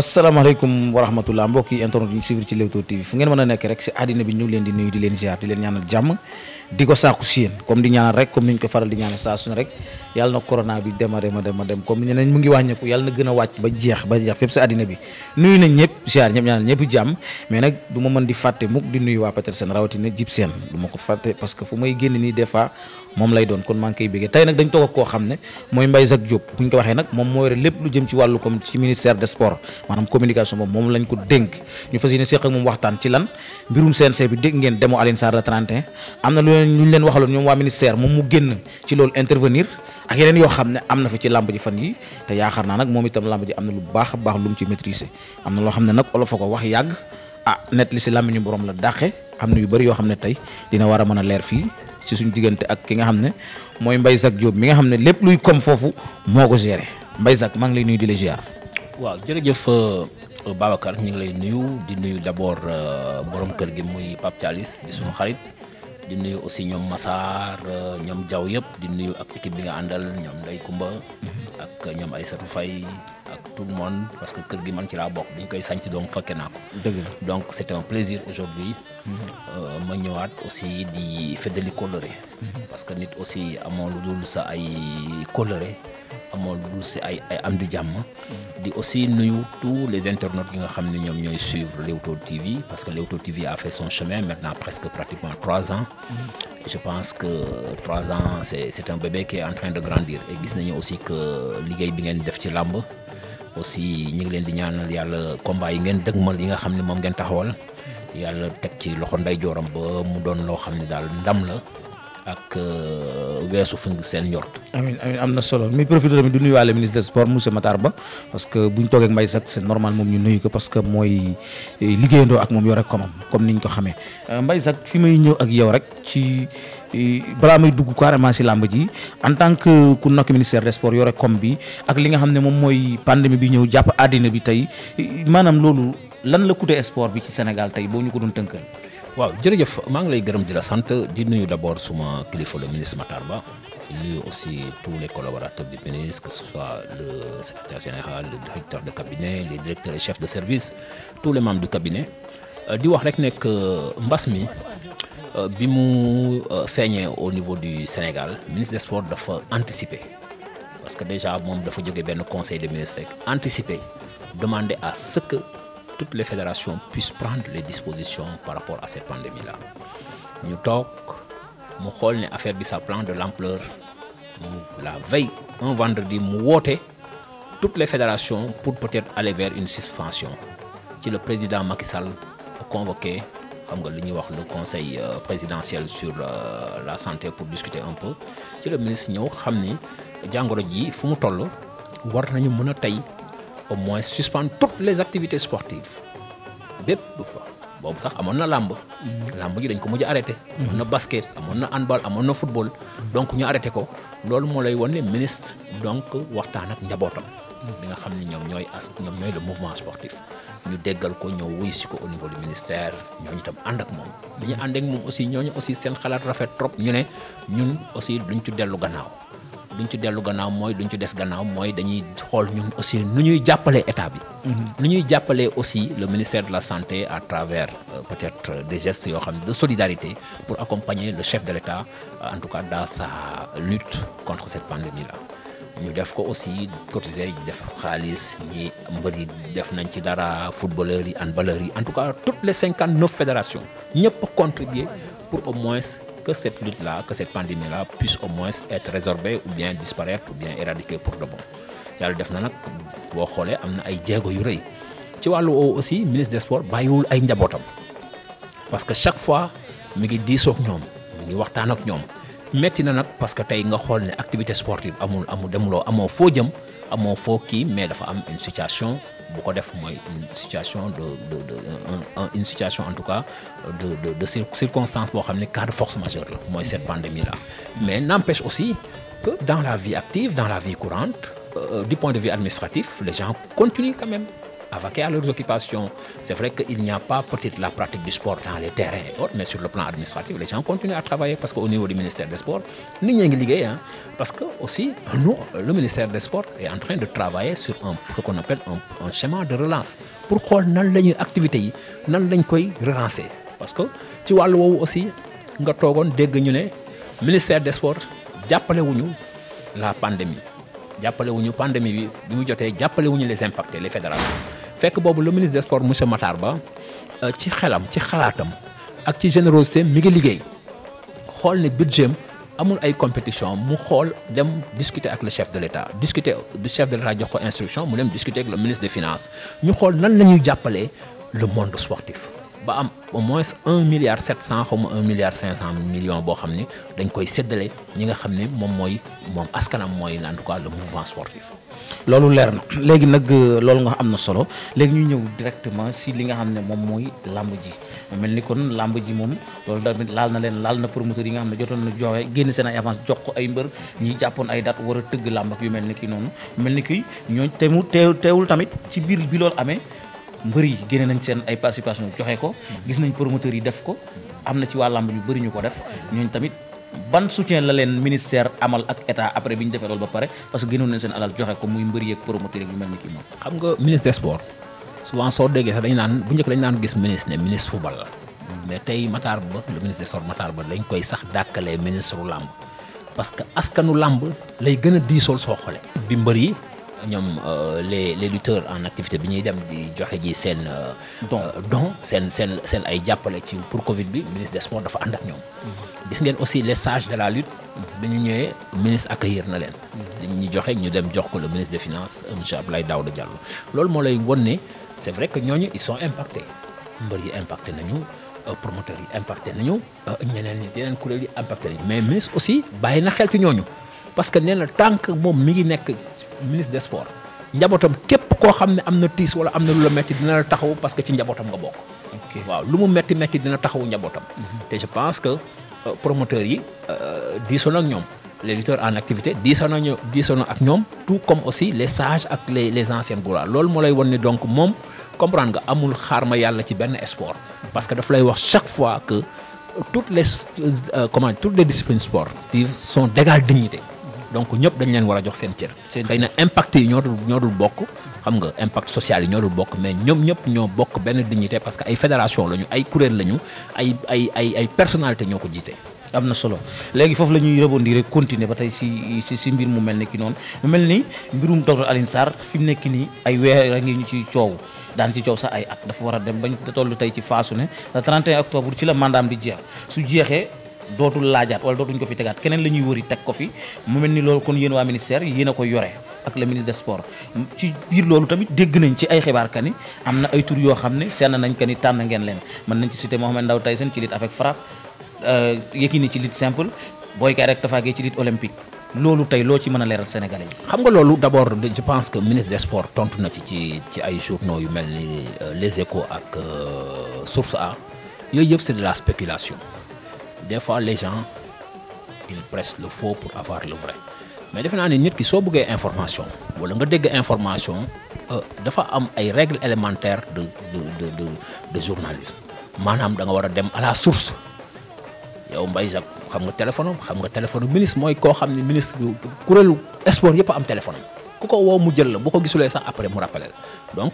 asalaamaaleykum wa rahmatullah mbokk yi internet yi ñu suivre ci Leewtoo TV fu ngeen mën a nekk rek si àddina bi ñu ngi leen di nuyu di leen ziar di leen ñaanal jàmm di ko saaku si comme di ñaanal rek comme ni ñu ko di ñaanal saa su rek yàlla na corona bi démarré ma dem ma dem comme ñeneen mu ngi wàññeeku yàlla na gën a wàcc ba jeex ba jeex fépp si àddina bi nuyu nañ ñëpp ziar ñëpp ñaanal ñëpp jàmm mais nag du ma mën di fàtte mukk di nuyu waa Petersen rawatina jib seen du ma ko fàtte parce que fu may génn nii des fois moom lay doon kon maa ngi koy béggee tey nag dañ toog ak koo xam ne mooy Mbaye Jacques Diop bu ñu ko waxee nag moom moo yore lépp lu jëm ci wàllu comme ci ministère des sports maanaam communication boobu moom lañ ko dénk ñu fas yéene séq ak moom waxtaan ci lan mbirum CNC bi dégg ngeen demo Aline Sarr la 31 am na lu ñu leen waxaloon ñoom waa ministère moom mu génn ci loolu intervenir ak yeneen yoo xam ne am na fa ci làmb ji fan yi te yaakaar naa nag moom itam làmb ji am na lu baax a baax lu mu ci maîtriser am na loo xam ne nag olof a ko wax yàgg ah net si si ñu boroom la dàqe am na yu bëri yoo xam ne tey dina war a mën a leer fii ci suñu diggante ak ki nga xam ne mooy Mbaye Jacques Diop mi nga xam ne lépp luy comme foofu moo ko géré Mbaye Jacques maa ngi lay nuyu di la ziar. waaw jërëjëf euh, Babacar ñu ngi lay nuyu di nuyu d'abord euh, borom kër gi muy Pape Thialis di suñu xarit. di nuyu aussi ñoom Massar euh, ñoom Diaw yëpp di nuyu ak équipe bi nga àndal ñoom Ndey Kumba mhm. ak ñoom Aïssatou Faye ak tout le monde parce que kër gi man ci laa bokk bi ñu koy sànc donc fekke naa ko donc c' était un plaisir aujourd'hui mhm. euh, ma ñëwaat aussi di feddali kóllëre mhm. parce que nit aussi amoon lu dul sax ay kóllëre amoon lu si ay am di jàmm di aussi nuyu tous les internautes yi nga xam ne ñoom ñooy suivre Leewtoo TV parce que Leewtoo TV a fait son chemin maintenant presque pratiquement trois ans mm-hmm. je pense que trois ans c'est c'est un bébé qui est en train de grandir et gis nañu aussi que liggéey bi ngeen def ci làmb aussi ñu ngi leen di ñaanal yàlla combat yi ngeen dëgmal yi nga xam ne moom ngeen taxawal mm-hmm. yàlla teg ci loxo ndeyjooram ba mu doon loo xam ne daal ndam la ak euh, weesu fu ngi seen njort. amiin amiin am na solo mi profité tamit du nuyuwaale ministre des sports monsieur Matar Ba parce que bu ñu toogee ak Mbaye sax c'est normal moom ñu nuyu ko parce que mooy eh, liggéeyandoo ak moom yow rek comme comme ni ñu ko xamee euh, Mbaye sax fi may ñëw ak yow rek ci. Eh, balaa may dugg carrément ci làmb ji en tant que ku nokk ministère des sports yore com bi ak li nga xam ne moom mooy pandémie bi ñëw jàpp àddina bi tey eh, maanaam loolu lan la coûté sport bi ci Sénégal tey boo ñu ko doon tënkal. waaw jërëjëf maa ngi lay gërëm di la sant di nuyu d' abord suma kilifa le ministre Matar Ba di nuyu aussi tous les collaborateurs du ministre que ce soit le secrétaire général le directeur de cabinet les directeurs et chefs de service tous les membres du cabinet euh, di wax rek nekk euh, mbas mi euh, bi mu feeñee au niveau du Sénégal ministre des sports dafa anticiper parce que déjà moom dafa jóge benn conseil de ministres rek anticiper demander à ce toutes les fédérations puissent prendre les dispositions par rapport a cette pandémie-là ñu toog mu xool ne affaire bi ça prend de l'ampleur mu la veille un vendredi mu woote toutes les fédérations pour peut-être aller vers une suspension ci le président Macky Sall convoqué xam nga li ñuy wax le conseil euh, présidentiel sur euh, la santé pour discuter un peu ci le ministre ñëw xam ni jàngoro ji fu mu toll war nañu mën a tey au moins suspendre toutes les activités sportives bépp boobu sax amoon na làmb làmb ji dañ ko mujj arrêté amoon na basket amoon na handball amoon na football donc ñu arrêté ko loolu moo lay wan ne ministre donc waxtaan ak njabootam li nga xam ni ñoom ñooy as ñoom ñooy le mouvement sportif ñu déggal ko ñëw wuy si ko au niveau du ministère ñooñu tam ànd ak moom bi ñu àndeek moom aussi ñoo ñu aussi seen xalaat rafet trop ñu ne ñun aussi duñ ci dellu gannaaw duñ ci dellu gannaaw mooy duñ ci mooy dañuy xool ñun aussi nu ñuy jàppale état bi. Mhm. nu ñuy jàppale aussi le ministère de la santé à travers euh, peut-être euh, des gestes yoo xam ne de solidarité pour accompagner le chef de l'État euh, en tout cas dans sa lutte contre cette pandémie-là. ñu def ko aussi cotiser ñu def xaalis ñi mbër yi def nañ ci dara footballeurs yi handballeurs yi en tout cas toutes les cinquante neuf fédérations ñëpp contribuer pour au moins. que cette lutte-là, que cette pandémie-là puisse au moins être résorbée ou bien disparaître ou bien éradiquée pour de bon. yàlla def na nag boo xoolee am na ay jéego yu rëy ci wàllu woowu aussi ministre de sports bàyyiwul ay njabootam parce que chaque fois mi ngi diisoog ñoom mi ngi waxtaan ak ñoom metti na nag parce que tey nga xool ne activité sportive amul amul demuloo amoo foo jëm. amoo foo kii mais dafa am une situation bu ko def mooy une situation de de de une situation en tout cas de de de circonstance boo xam ne cas de force majeure la mooy cette pandémie là mais n'empêche aussi que dans la vie active dans la vie courante euh, du point de vue administratif les gens continuent quand même avaquer à leurs occupations. C'est vrai qu'il n'y a pas peut-être la pratique du sport dans les terrains et autres, mais sur le plan administratif, les gens continuent à travailler parce qu'au niveau du ministère des Sports, nous sommes hein, parce que aussi, nous, le ministère des Sports est en train de travailler sur un, ce qu'on appelle un, un, schéma de relance. Pourquoi nous nan une activité, nous avons relancer Parce que, ci tu vois, aussi, nous avons le ministère des Sports, nous la pandémie. jàppale wuñu pandémie bi bi mu jotee jàppale wuñu les impactés les fédérations fekk boobu le ministre des sports monsieur Matar Ba euh, ci xelam ci xalaatam ak ci générosité mi ngi liggéey xool ne budget amul ay compétition mu xool dem discuter ak le chef de l'État discuter du chef de l'État jox ko instruction mu dem discuter ak le ministre de finance ñu xool nan la ñuy jàppalee le monde sportif. ba am au moins un milliard sept cent xaw ma un milliard cinq boo xam ne dañ koy séddale ñi nga xam ne moom mooy moom askanam mooy en tout cas le mouvement sportif. loolu leer na léegi nag euh, loolu nga am na solo léegi ñu ñëw directement si li nga xam ne moom mooy làmb ji mel ni kon làmb ji moom loolu tamit laal na leen laal na promoteur yi nga xam ne jotoon na joxe génn seen ay avance jox ko ay mbër ñi jàppoon ay date war a tëgg làmb ak yu mel ni ki noonu mel ni ki ñooñu bi loolu mbër yi génne nañ seen ay participation joxe ko gis nañ promoteurs yi def ko am na ci waa làmb ñu bëri ñu ko def ñooñu tamit ban soutien la leen ministère amal ak état après bi ñu defee loolu ba pare parce que génnoon nañ seen alal joxe ko muy mbër yeeg promoteur yeeg ñu mel ni kii moom xam nga ministre des sports souvent soo déggee sax dañu naan bu njëkk dañu naan gis ministre ne ministre football la mais tey Matar Ba le ministre des sports Ba dañ koy sax dàkkalee ministre u làmb parce que askanu làmb lay gën a diisool soo xoolee bi mbër yi ñoom euh, les les lutteurs en activité bi ñuy dem di joxe ji seen. Euh, euh, don seen seen seen ay jàppale ci pour Covid bi ministre des sports dafa ànd ak ñoom. gis ngeen aussi les sages de la lutte. bi ñu ñëwee ministre accueillir na leen. Mm-hmm. li ñu joxe ñu dem jox ko le ministre des finances monsieur Abdoulaye Daouda Diallo loolu moo lay won ne c' est vrai que ñooñu ils sont impactés. mbër yi impacté nañu. promoteurs yi impacté nañu ñeneen ñi yeneen kuréel yi impacté nañu mais ministre aussi bàyyi na xel ñooñu. parce que nee na tànk moom mi ngi nekk ministre de sports njabootam képp koo xam ne am na tiis wala am na lu la metti dina la taxaw parce que ci njabootam nga bokk. waaw lu mu metti metti dina taxawu njabootam. Mhm. te je pense que euh, promoteurs yi euh, diisoon ak ñoom. les lutteurs en activité diisoo nañu diisoo na ak ñoom tout comme aussi les sages ak les les anciennes gloires loolu moo lay won ni donc moom comprendre nga amul xaar ma yàlla ci benn sport. parce que dafa lay wax chaque fois que euh, toutes les comment toutes les disciplines sportives sont d'égale dignité donc ñëpp dañu leen war a jox seen cër. xëy na impact yi ñoo dul bokk xam nga impact social yi ñoo dul bokk mais ñoom ñëpp ñoo bokk benn dignité parce que ay fédération lañu ay kuréel lañu ay ay ay ay personnalité ñoo ko jiite. am na solo léegi foofu la ñuy rebondir rek continuer ba tey si si si mbir mu mel ne ki noonu mu mel ni mbirum docteur Alioune Sarr fi mu nekk nii ay weer rek ñu ci coow daan ci coow sax ay at dafa war a dem bañ toll tey ci faasu ne le octobre ci la mandaam di jeex su jeexee. dootul laajaat wala dootuñ ko fi tegaat keneen la ñuy wëri teg ko fi mu mel ni loolu kon yéen waa ministère yéen a ko yore ak le ministre des sports ci loolu tamit dégg nañ ci ay xibaar kani am na ay tur yoo xam ne seen nañ kani tànn ngeen leen mën nañ ci cité Mohamed Ndao Tyson ci lutte avec frappe euh, Yékini ci lutte simple booy Kaïre rek Tapha Guèye ci lutte olympique loolu tey loo ci mën a leeral sénégalais xam nga loolu d' abord je pense que ministre de sports tontu na ci ci ci ay journaux yu mel ni euh, les échos ak euh, source A yooyu yëpp c' est de la spéculation. des fois les gens ils le faux pour avoir le vrai mais defe naa ne nit ki soo buggee information wala nga dégg information euh, dafa am ay règles élémentaires de de de de de journalisme maanaam da nga war a dem à la source yow Mbaye Jacques xam nga téléphone am xam nga téléphone ministre mooy koo xam ne ministre bi kuréelu sport yëpp am téléphone ku ko woo mu jël la bu ko gisulee sax après mu rappelé la donc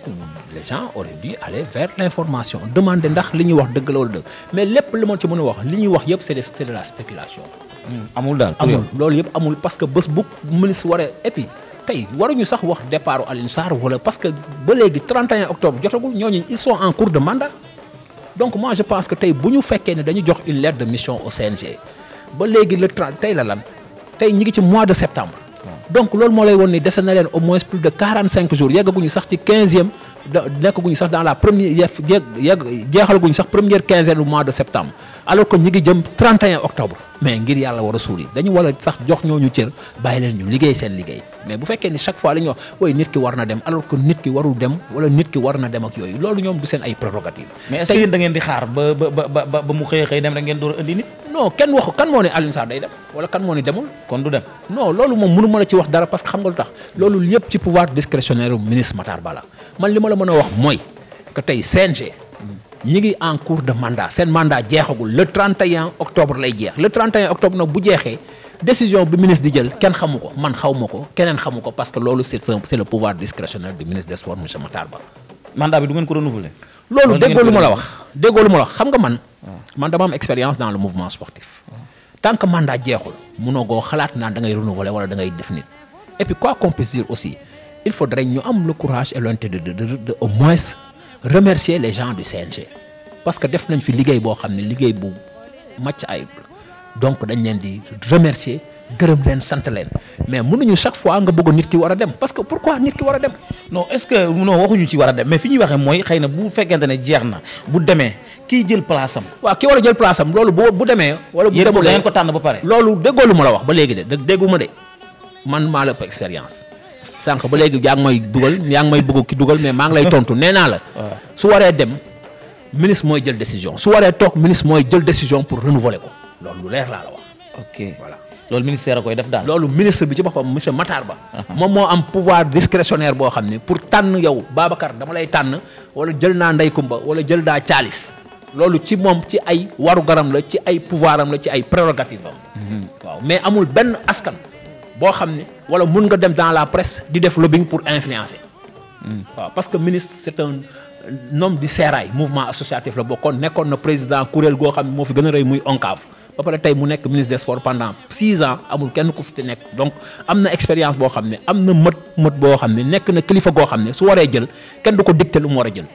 les gens auraient dû aller vers information demander ndax li ñuy wax dëgg la wala dëgg mais lépp li ma ci mën a wax li ñuy wax yëpp c' est de la spéculation. Hmm, amul daal amul loolu yëpp amul parce que bés bu ministre waree et puis tey waruñu sax wax départ Alioune Sarr wala parce que ba léegi 31 octobre jotagul ñooñu ils sont en cours de mandat donc moi je pense que tey bu ñu fekkee ne dañu jox une lettre de mission au CNG ba léegi le 30 tey la lan tey ñi ngi ci mois de septembre. donc loolu moo lay woon ni dese na leen au moins plus de 45 jours yeggaguñu sax ci 15e nekkaguñu sax dans la première yegg yegg jeexalaguñu sax première quinzaine du mois de septembre alors que ñi ngi jëm 31 octobre mais ngir yàlla war a suur yi dañu war a sax jox ñooñu cër bàyyi leen ñu liggéey seen liggéey. mais bu fekkee ni chaque fois la nit ki war na dem alors que nit ki warul dem wala nit ki war na dem ak yooyu loolu ñoom du seen ay prérogative mais est-ce que yéen da ngeen di xaar ba ba ba ba mu xëy xëy dem rek ngeen door a indi nit. non kenn waxu kan moo ne Alioune Sarr day dem wala kan moo ne demul. kon du dem non loolu moom mënu ma la ci wax dara parce que xam nga lu tax loolu yëpp ci pouvoir discrétionnaire ministre Matar Ba la man li ma la mën a wax mooy que tey CNG. ñi ngi en cours de seen mandat jeexagul le 31 octobre lay jeex le 31 octobre nag bu jeexee. décision bi ministre di jël kenn xamu ko man xaw ma ko keneen xamu ko parce que loolu c' est le pouvoir discrétionnaire du ministre des sports monsieur Matar Ba. mandat bi du ngeen ko renouveler. loolu déggoo lu ma la wax déggoo lu ma la wax xam nga man. man dama am expérience dans le mouvement sportif. tant que mandat jeexul munoo goo xalaat naan da ngay renouveler wala da ngay def nit et puis quoi qu'on puisse aussi il faudrait ñu am le courage et l'honnêteté de de de les gens du parce que def nañ fi liggéey boo xam ne liggéey bu màcc ayib donc dañ leen di remercier gërëm leen sant leen mais mënuñu chaque fois nga bëgg nit ki war a dem parce que pourquoi nit ki war a dem. non est-ce que non waxuñu ci war a dem mais fi ñuy mooy xëy na bu fekkente ne jeex na bu demee kii jël place am. waaw ki war a jël place am loolu bu bu demee. wala bu demulee tànn ba pare. loolu déggoo lu wax ba léegi de déggu ma de man maa la ëpp expérience sànq ba léegi yaa ngi may dugal yaa ngi may bëgg ki dugal mais maa ngi lay tontu nee naa la. su waree dem ministre mooy jël décision su waree toog ministre mooy jël décision pour renouveler ko. loolu lu leer laa la wax. voilà loolu ministère koy def daal. loolu ministre bi ci boppam monsieur Matar Ba. Uh-huh. moom moo am pouvoir discrétionnaire boo xam ne pour tànn yow Babacar dama lay tànn wala jël naa Ndey Kumba wala jël naa Caalis loolu ci moom ci ay waru garam la ci ay pouvoir la ci ay prérogative am. Mm-hmm. waaw mais amul benn askan boo xam ne wala mun nga dem dans la presse di def lobbying pour influencer. Mm. waaw parce que ministre c'est un homme di sérail mouvement associatif la bokkoon nekkoon na président kuréel goo xam moo fi gën a rëy muy ONCAV. ba pare tey mu nekk ministre des sports pendant six ans amul kenn ku fi te nekk donc am na expérience boo xam ne am na mët mët boo xam ne nekk na kilifa goo xam ne su waree jël kenn du ko dicté lu mu war a jël.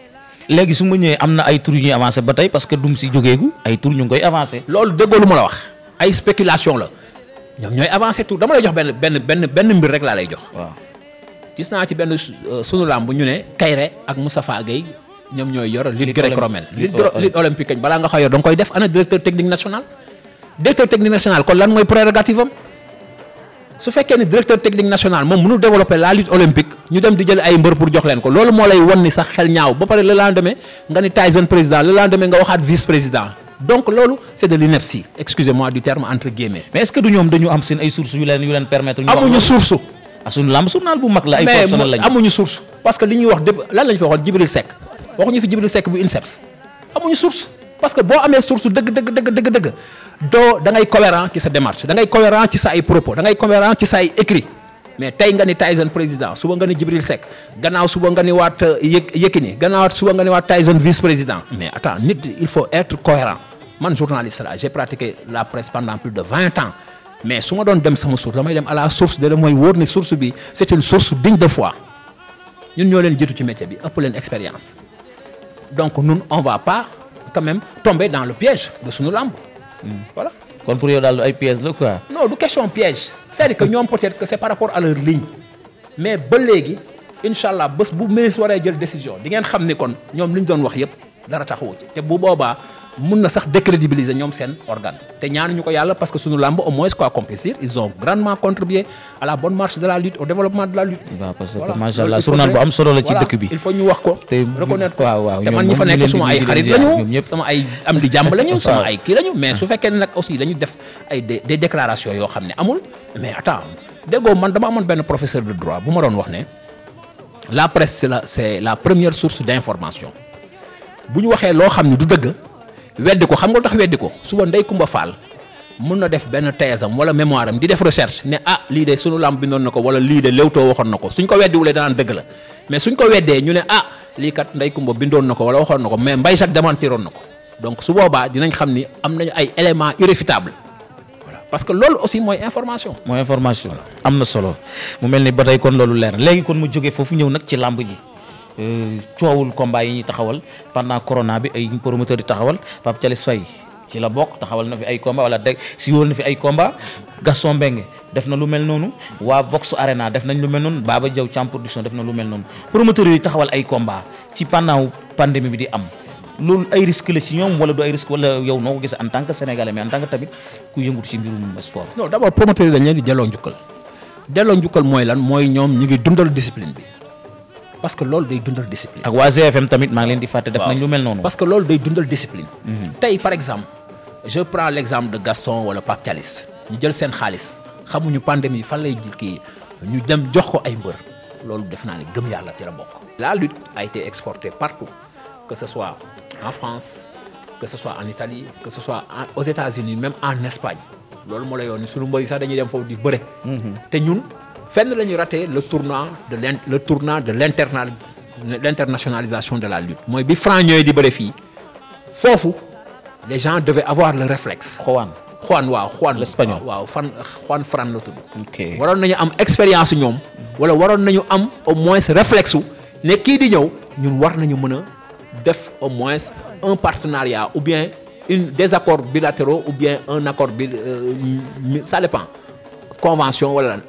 léegi su ma ñëwee am na ay tur yu ñuy avancé ba tey parce que dum si jógeegu ay tur ñu ngi koy avancé. loolu déggoo lu ma la wax ay spéculation la ñoom ñooy avancé tour dama lay jox benn benn benn benn mbir rek laa lay jox. waaw gis naa ci benn euh, sunu làmb ñu ne Kayre ak Moustapha Gueye ñoom ñooy yor. lutte gréco-romaine lutte olympique balaa nga xayma da nga koy def national. directeur technique national kon lan mooy prérogative am su fekkee ni directeur technique national moom mënul développer la lutte olympique ñu dem di jël ay mbër pour jox leen ko loolu moo lay wan ni sax xel ñaaw ba pare le lendemain nga ni Tyson président le lendemain nga waxaat vice président. donc loolu c' est de l'ineptie excusez-moi du terme entre guillemets. mais est du ñoom dañu am seen ay sources yu leen yu leen permettre. ñu ah, amuñu source. ah parce que li ñuy wax dëpp lan lañu fi waxoon Djibril Seck waxuñu fi parce que boo amee source dëgg dëgg dëgg dëgg dëgg doo da ngay cohérent ci sa démarche da ngay cohérent ci sa ay propos da ngay ci sa ay écrit mais tey nga ni Tyson président suba nga ni Djibril Seck gannaaw suba nga ni waat euh, Yékini gannaaw suba nga ni waat Tyson vice président mais attends nit il faut être cohérent man journaliste la j'ai pratiqué la presse pendant plus de vingt ans mais su ma doon dem sama source damay dem à la source de la mooy wóor ni source bi c'est une source digne de foi ñun ñoo leen jiitu ci métier bi quand même tomber dans le piège de sunu lamb. voilà. kon pour yow daal ay piège la quoi. non du question piège c'est-à-dire ñoom peut-être que c'est par rapport à leur ligne mais ba léegi incha allah bés bu ministre waree jël décision di ngeen xam ni kon ñoom li doon wax yépp dara taxawu ci te bu boobaa. mun na sax décrédibiliser ñoom seen organe te ñaanuñu ko yàlla parce que suñu làmb au moins quoi compétir ils ont grandement contribué à la bonne marche de la lutte au développement de la lutte. waaw bu am solo la ci dëkk bi. il faut ñu wax ko. te man ñi fa nekk suma ay xarit lañu sama ay am di jàmb lañu sama ay kii lañu mais su fekkee ne nag aussi dañu def ay des déclarations yoo xam ne amul mais attends déggoo man dama amoon benn professeur de droit weddi ko xam nga lu tax weddi ko suba ndey Kumba Faal mun na def benn thèse am wala mémoire am di def recherche ne ah lii de sunu làmb bindoon na ko wala lii de Leewtoo waxoon na ko suñ ko weddiwulee danaan dëgg la mais suñ ko weddee ñu ne ah lii kat ndey Kumba bindoon na ko wala waxoon na ko mais Mbaye Jacques démentiroon na ko donc su boobaa dinañ xam ni am nañu ay éléments irréfutables voilà parce que loolu aussi mooy information. mooy information la am na solo mu mel ni ba tey kon loolu leer léegi kon mu jógee foofu ñëw nag ci làmb ji. Euh, coowul combat yi ñuy taxawal pendant corona bi ay promoteurs yi taxawal Pape Thialis Faye ci la bokk taxawal na fi ay combat wala de si wóol na fi ay combat Gaston Mbengue def na lu mel noonu waa Vox Arena def nañ lu mel noonu Baba Diaw Champ Production def na lu mel noonu promoteurs yooyu taxawal ay combat ci pendant pandémie bi di am loolu ay risque la ci ñoom wala du ay risque wala yow noo ko gis en tant que sénégalais mais tamit ku yëngutu ci mbirum sport. non d'abord parce que loolu day dundal discipline. ak waa GFM di fàtte def nañ lu mel noonu. parce que loolu day dundal discipline. Mhm. tey par exemple je prends l' exemple de Gaston wala Pape Thialis ñu jël seen xaalis xamuñu pandémie fan lay kii ñu dem jox ko ay mbër loolu def naa ne gëm yàlla ci la bokk. la lutte a été exportée partout que ce soit en France que ce soit en Italie que ce soit aux États-Unis même en Espagne loolu moo la yoon ni sunu mbër yi sax dañuy dem foofu di bëre. Mhm. te ñun. fenn la ñu raté le tournant de l' le tournant de l' l' internationalisation de la lutte mooy bi Franc ñëwee di bëre fii foofu les gens devaient avoir le réflexe. Juan Juan waaw Juan. l'espagnol waaw fan Juan Fran la waroon nañu am expérience ñoom. wala waroon nañu am au moins réflexe su ne kii di ñëw ñun war nañu mën a def au moins un partenariat ou bien une des accords bilatéraux ou bien un accord bi euh, ça dépend convention wala lan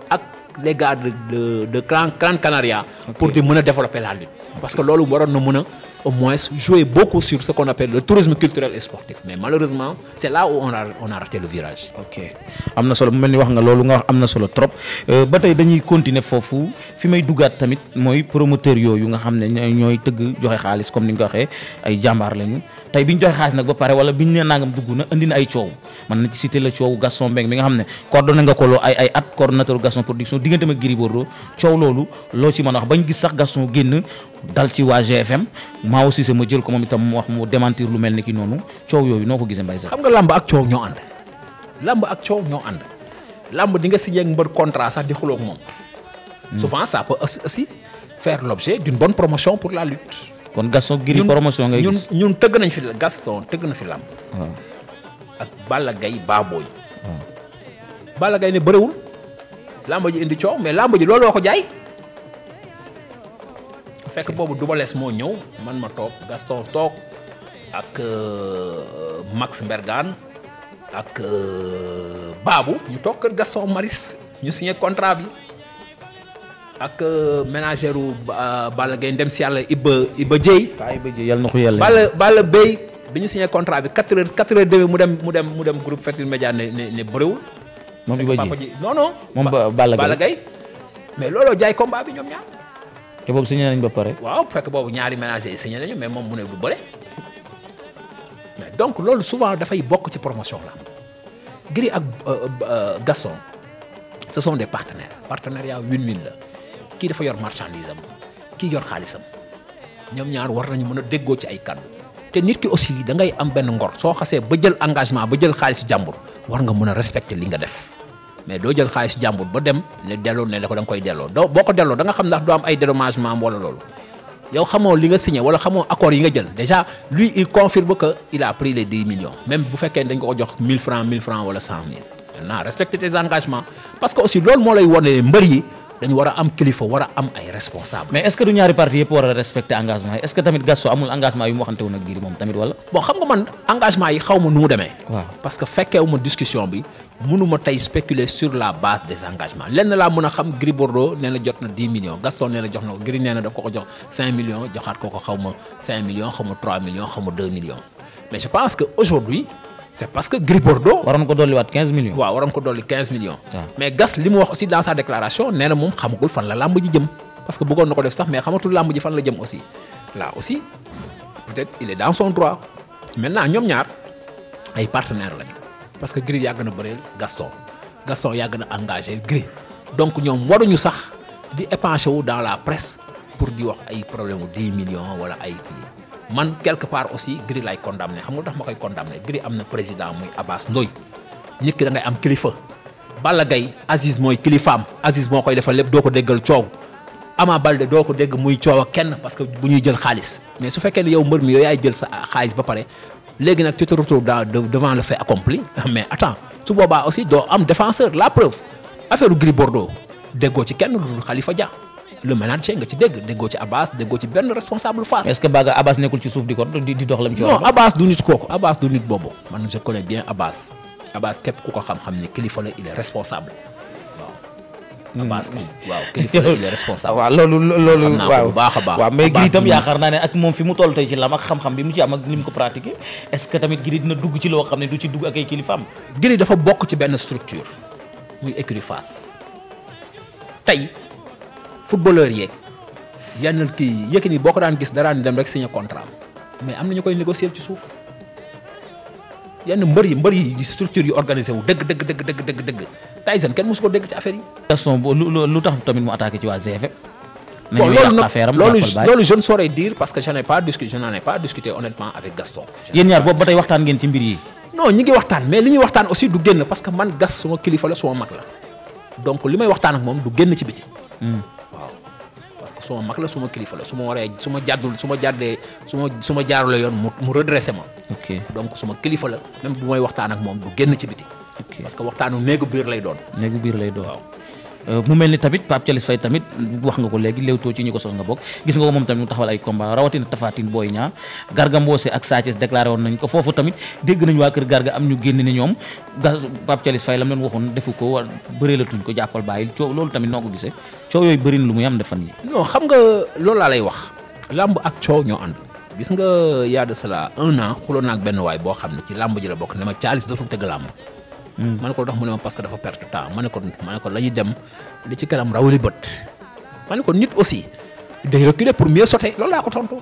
les gars de de de Gran Canaria. pour di mën a développer la parce que loolu waroon na mën a. au moins jouer beaucoup sur ce qu'on appelle le tourisme culturel et sportif mais malheureusement c'est là on a a raté le virage. am na solo mu mel ni wax nga loolu nga wax am na solo trop euh, ba tey dañuy continuer foofu fi may duggaat tamit mooy promoteur yooyu nga xam ne ñooy tëgg joxe xaalis comme ni nga ko waxee ay jàmbaar lañu tey bi ñu joxe xaalis nag ba pare wala bi ñu nee nangam dugg na indi na ay coow mën na ci cité la coow Gaston Mbengue mi nga xam ne coordonné nga ko loo ay ay at coordonnateur Gaston production diggante ma Gris Bordeaux coow loolu dal ci waa GFM Mao Cissé ma jël ko moom itam mu wax mu démentir lu mel ni ki noonu coow yooyu noo ko gisee Mbaye sax xam nga làmb ak coow ñoo ànd làmb ak coow ñoo di nga signé ak mbër contrat sax di xuloo ak moom. Hmm. souvent ça peut aussi faire l'objet d'une bonne promotion pour la lutte. kon Gaston Giri promotion ngay gis ñun tëgg nañ fi Gaston tëgg na fi làmb. Ah. ak Balla Gaye Baboy. Ah. Balla Gaye ne bëriwul làmb ji indi coow mais làmb ji loolu woo ko jaay. fekk boobu Double Less moo ñëw man ma toog Gaston toog ak euh, Max Bergan ak euh, Babou ñu toog kër Gaston Maris ñu signé contrat bi ak euh, ménagère u Balla Gaye dem si yàlla Iba Iba Dieye. waaw Iba Dieye yàlla na ko yàlla. Balla Balla Beye bi ñu signé contrat bi 4 heures 4 heures demee mu dem mu dem mu dem groupe Futurs Médias ne ne ne moom Iba Dieye non moom Balla Gaye mais looloo jaay combat bi ñoom ñaar. te boobu signé nañ ba pare. waaw fekk boobu ñaari ménages yi signé nañu mais moom mu ne du bëre donc loolu souvent dafay bokk ci promotion la Gris ak euh, euh, Gaston ce sont des partenaires partenariat win-win la kii dafa yor marchandise am kii yor xaalisam ñoom ñaar war nañu mën a déggoo ci ay kàddu te nit ki aussi da ngay am benn ngor soo xasee ba jël engagement ba jël xaalis jàmbur war nga mun a respecter li nga def. mais doo jël xaalis jàmbur ba dem ne delloo ne la ko da nga koy delloo doo boo ko delloo da nga xam ndax du am ay dédommagement am wala loolu yow xamoo li nga signé wala xamoo accord yi nga jël déjà lui il confirme que il a pris les 10 millions même bu fekkee dañ ko ko jox 1000 francs 1000 francs wala 100000 maintenant respecter tes engagements parce que aussi loolu moo lay wone mbër yi dañu war a am kilifa war a am ay responsable mais est-ce que du ñaari parti yëpp war a respecter engagement est-ce que tamit Gaston amul engagement yu mu waxante woon ak Gris moom tamit wala bon xam nga man engagement yi xaw ma nu mu demee parce que fekkeewu discussion bi mënuma tey spéculer sur la base des engagements lenn laa mën a xam Gris Bordeaux nee jot na 10 millions Gaston nee jox na ko Gris nee daf ko ko jox millions joxaat ko ko c' est parce que Gris Bordeaux. waroon ko dolliwaat 15 millions. waaw waroon ko dolli 15 millions. Ah. mais gas li mu wax aussi dans sa déclaration nee na moom xamagul fan la làmb ji jëm parce que bëggoon na ko def sax mais xamatul làmb ji fan la jëm aussi là aussi peut-être il est dans son droit maintenant ñoom ñaar ay partenaires lañu parce que Gris yàgg na bëreel Gaston Gaston yàgg na engagé Gris donc ñoom waruñu sax di épanché wu dans la presse pour di wax ay problème mu 10 millions wala ay man quelque part aussi Gris laay condamné xam nga tax ma koy condamné Gris am na président muy Abbas Ndoy nit ki da ngay am kilifa Balla Gaye Aziz mooy kilifaam Aziz moo koy defal lépp doo ko déggal coow amaa Balde doo ko dégg muy coow kenn parce que bu ñuy jël xaalis mais su fekkee ne yow mbër mi yow yaay jël sa xaalis ba pare léegi nag tu te retrouves dans devant le fait accompli mais attends su boobaa aussi doo am défenseur la preuve affaire Gris Bordeaux déggoo ci kenn lu dul Khalifa Dia le manager nga ci dégg déggoo ci Abbas déggoo ci benn responsable Fass. est-ce que Baga Abbas nekkul ci suuf di ko di dox lam ci war non du nit kooku Abbas du nit boobu. man je connais bien Abbas Abbas képp ku ko xam-xam ni kilifa la il est responsable. Hmm. Abbas waaw kilifa la responsable. waaw loolu loolu baax a baax. waaw mais Gris itam yaakaar naa ne ak moom fi mu toll tey ci lam ak xam-xam bi mu ci am ak ni mu ko pratiqué est que tamit Gris dugg ci xam ne du dugg ak ay kilifaam. Gris dafa bokk ci benn structure muy écurie Fass tey footballeur yeeg yenn kii Yékini boo ko daan gis daraan dem rek signé contrat mais am na ñu koy négocier ci suuf yenn mbër yi mbër yi structure yu organisé wu dëgg dëgg dëgg dëgg dëgg Tyson kenn mosu ko dégg ci affaire yi. lu tax tamit mu attaqué ci waa GFM. bon loolu nag loolu loolu je ne parce que je n'ai pas discuté je ai pas discuté honnêtement avec Gaston. yéen ñaar boobu ba tey waxtaan ngeen ci mbir yi. non ñi ngi waxtaan mais li ñuy waxtaan aussi du génn may waxtaan ak moom du génn ci biti. Hmm. parce que suma mag la suma kilifa la su ma waree suma ma su ma jàddee su ma su yoon mu mu redressé ma. ok donc suma kilifa la même bu may waxtaan ak moom du génn ci biti. parce que waxtaanu néegu biir lay doon. néegu biir lay doon Euh, mu mel ni tamit Pape Thialis Faye tamit wax nga ko léegi Leewtoo ci ñi ko sos nga bokk gis nga ko moom tamit mu taxawal ay combat rawatina Tafatine Boy Niang Garga Mbossé ak Sa Thiès déclaré woon nañ ko foofu tamit dégg nañ waa kër Garga am ñu génn ne ñoom ga Pape Thialis Faye lam leen waxoon defu ko wa bëreelatuñ ko jàppal bàyyil coow loolu tamit noo ko gisee coow yooyu bëri na lu muy am defan yi xam nga loolu laa lay wax làmb ak coow ñoo ànd gis nga yaa de cela un an xuloon naa ak benn waay boo xam ne ci làmb ji la bokk ne ma Thialis dootul tëgg làmb Mm. ma ne ko dox mu ne ma parce que dafa perte temps ma ne ko ma ko la ñu dem li ci kanam rawali bët ma ne ko nit aussi day reculer pour mieux sauter loolu laa ko tontu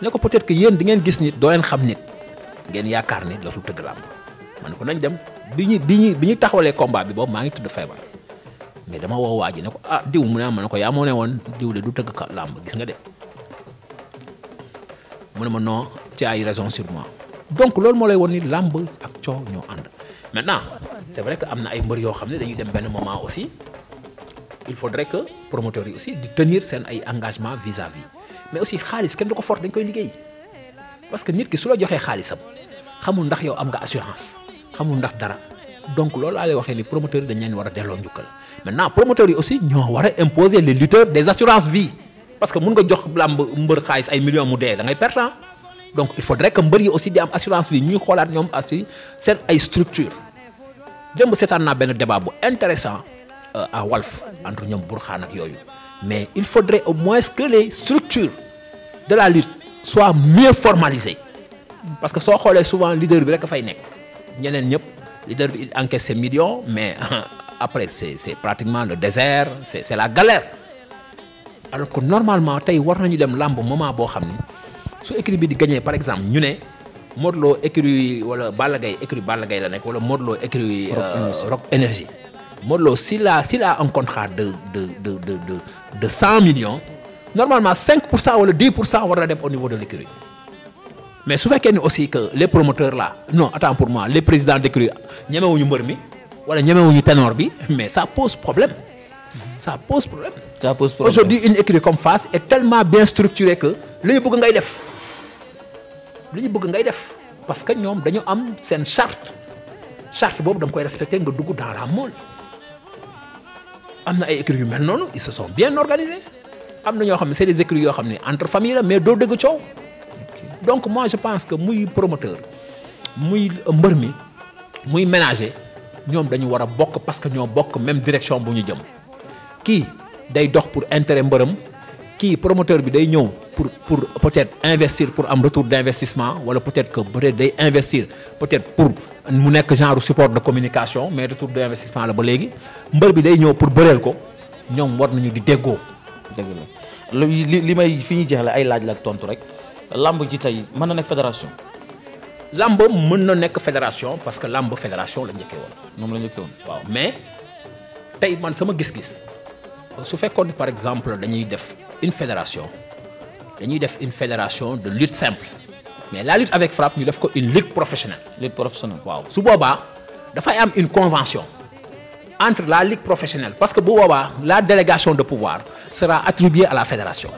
ne ko peut-être que yéen di ngeen gis nit doo leen xam nit ngeen yaakaar nit dootul tëgg làmb ma ne ko nañ dem bi ñu bi ñu bi ñu taxawalee combat bi boobu maa ngi tudd feebar mais dama woo waa ji ne ko ah diw mu ne ah ma ne ko yaa moo ne woon diw de du tëgg ka làmb gis nga de mu ne ma non ci ay raison sur donc loolu moo lay woon ni làmb ak coow ñoo ànd mais maintenant c'est vrai que am na ay mbër yoo xam ne dañuy dem benn moment aussi il faudrait que promoteurs yi aussi di tenir seen ay engagement vis-à-vis mais aussi xaalis kenn du ko fort dañ koy liggéey parce que nit ki su la joxee xaalisam xamul ndax yow am nga assurance xamul ndax dara donc loolu laa lay waxee ni promoteurs yi dañ leen war a delloo njukkal maintenant promoteurs yi aussi ñoo war a imposer les lutteurs des assurances vie parce que mun jox làmb mbër ay millions mu dee da ngay perte donc il faudrait que mbër aussi di am assurance vie ñuy xoolaat ñoom aussi seen ay structure jëmb seetaan naa benn débat bu intéressant euh, à Walf entre ñoom Burxaan ak yooyu mais il faudrait au moins que les structures de la lutte soient mieux formalisées parce que soo xoolee souvent leader bi rek fay nekk ñeneen ñëpp leader bi il encaisse ses millions mais après c'est c'est pratiquement le désert c'est la galère alors que normalement tey war nañu dem lamb moment boo xam ni su écurie bi di gañee par exemple ñu ne Modou Lo écurie wala Balla Gaye écurie Balla Gaye la nekk wala Modou Lo écurie euh, Rock Énergie Modou Lo s'il a s'il a contrat de de de de de de cent millions normalement cinq pour wala dix pour cent war na dem au niveau de l'écurie mais su fekkee ni aussi que les promoteurs la non attends pour moi les présidents d'écurie ñemewuñu mbër mi wala ñemewuñu ténor bi mais ça pose problème ça pose problème. ça pose problème aujourd'hui une écurie comme Fass est tellement bien lu ñu bëgg ngay def parce que ñoom dañu am seen charte charte boobu dam koy respecté nga dugg dans la am na ay écuries yu mel noonu ils se sont bien organisés am na ñoo xam ne c'est des écuries yoo xam ne entre famille la mais doo dégg coow donc moi je pense que muy promoteur muy mbër mi muy ménager ñoom dañu war a bokk parce que ñoo bokk même direction bu ñu jëm kii day dox pour intérêt mbërëm kii promoteur bi day ñëw pour pour peut-être investir pour am retour d'investissement wala peut-être que peut-être day investir peut-être pour mu nekk genre support de communication mais retour d'investissement la ba léegi mbër bi day ñëw pour bëreel ko ñoom war nañu di déggoo. dëgg la li li may fi ñuy jeexle ay laaj la tontu rek lamb ji tey mën na nekk fédération. lamb mën na nekk fédération parce que lamb fédération la njëkkee woon. moom la njëkkee woon waaw mais tey man sama gis-gis su fekkoon par exemple dañuy def. une fédération dañuy def une fédération de lutte simple mais la lutte avec frappe ñu def ko une lutte professionnelle. lutte professionnelle waaw su boobaa dafay am une convention entre la ligue professionnelle parce que bu boobaa la délégation de pouvoir sera attribuée à la fédération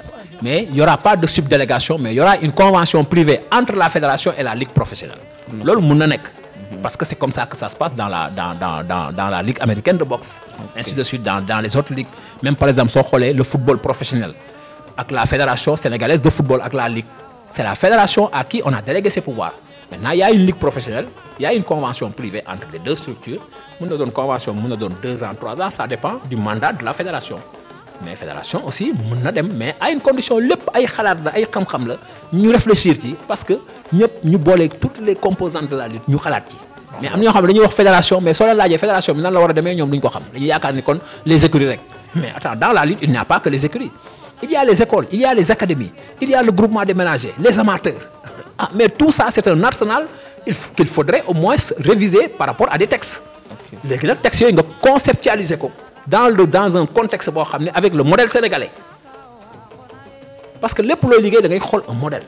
mais il y aura pas de subdélégation mais il y aura une convention privée entre la fédération et la ligue professionnelle. loolu mun na Mhm. parce que c'est comme ça que ça se passe dans la dans dans dans, dans la américaine de boxe. ainsi de suite dans les autres ligues même par exemple soo xoolee le football professionnel ak la fédération sénégalaise de football ak la ligue. c'est la fédération à qui on a délégué ses pouvoirs maintenant il y a une ligue entre les deux structures mun na doon convention deux ans trois ans ça dépend du mandat de la fédération. mais fédération aussi mën na dem mais à une condition lépp ay xalaat la ay xam-xam la ñu réfléchir ci parce que ñëpp ñu boolee toutes les composantes de la lutte ñu xalaat ci. mais am na ñoo xam ne wax fédération mais soo leen laajee fédération bi nan la war a ko xam dañuy yaakaar ni mais attends dans la lutte il n'y a pas que les écuries il y a les écoles il y a les académies il y a le groupement des ménagers les amateurs ah mais tout ça c'est un arsenal il qu'il faudrait au moins par rapport à des textes léegi nag textes nga conceptualiser ko. dans le dans un contexte boo xam ne avec le modèle sénégalais parce que lépp looy liggéey da ngay xool un modèle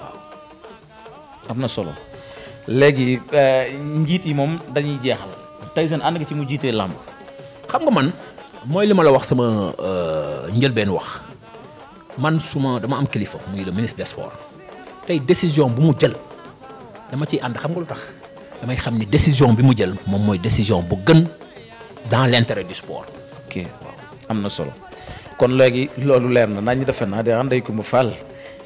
waaw. am na solo léegi euh, njiit yi moom dañuy jeexal tey seen ànd nga ci mu jiitee làmp xam nga man mooy li ma la wax sama euh, njëlbeen wax man suma dama am kilifa muy le ministre des tey décision bu mu jël dama ciy ànd xam nga lu tax damay xam ni décision bi mu jël moom mooy décision bu gën. dans l'intérêt du sport. ok am na solo kon léegi loolu leer na naa ñu defe naa de ànday ko mu fàll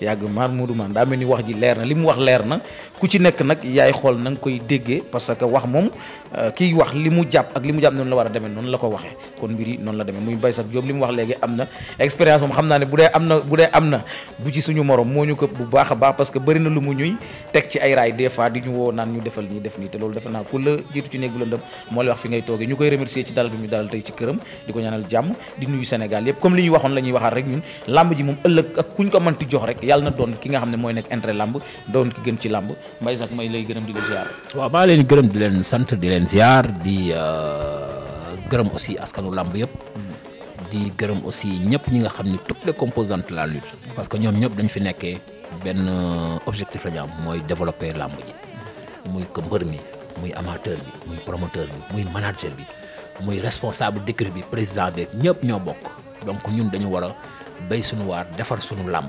yàgg maar Modou man daa mel ni wax ji leer na li mu wax leer na ku ci nekk nag yaay xool nanga koy déggee parce que wax moom Euh, kiy wax li mu jàpp ak li mu jàpp noonu la war a demee noonu la ko waxee kon mbir yi noonu la demee muy Mbaye Sakh Diop li mu wax léegi am na expérience moom xam naa ne bu dee am na bu dee am na bu ci suñu morom moo ñu ko bu baax a baax parce que bëri lu mu ñuy teg ci ay raay des fois di ñu woo naan ñu defal ñi def nii te loolu defe naa ku la jiitu ci néeg bu lëndëm moo lay wax fi ngay toogee ñu koy remercier ci dalal bi ñu dalal tey ci këram di leen ziar di euh, gërëm aussi askanu làmb yëpp. di gërëm aussi ñëpp ñi nga xam ni toutes les composantes la lutte parce que ñoom ñëpp dañu fi nekkee benn euh, objectif la mooy développer làmb ji muy ko mi muy amateur bi muy promoteur bi muy manager bi muy responsable d'écurie bi président beeg ñëpp ñoo bokk donc ñun dañu war a suñu waar defar suñu làmb